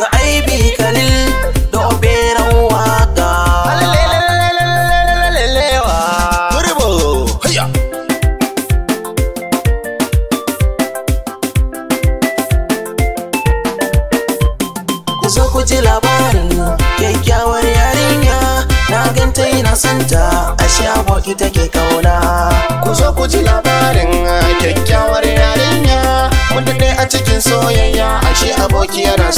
ga aibi kalil da operan waka Zo ku ji labarin kyakkyawar yarinya na ganta ina santa ashe aboki take kauna ku zo ku ji labarin aboki yana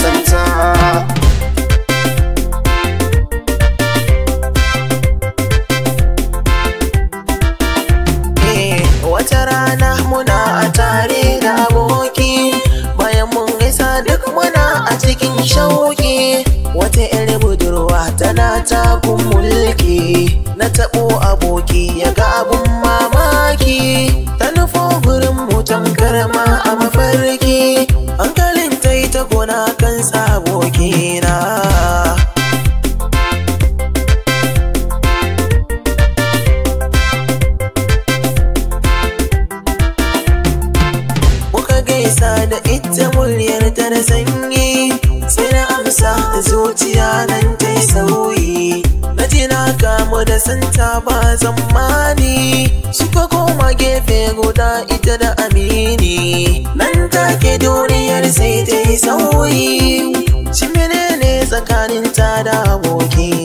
eh, wata rana muna a tare da aboki bayan mun gaisa duk muna a cikin shauki wata yar budurwa tana takun mulki na taɓo aboki ya ga abun mamaki ta nufo gurin mutum karama a mafarki rantsa Muka gaisa da ita muryar ta da sanyi Sai na amsa zuciya nan ta yi sauyi Na ji na kamu da santa ba zammani Suka koma gefe guda ita da amini Nan take duniyar sai ta yi sauyi ta da aboki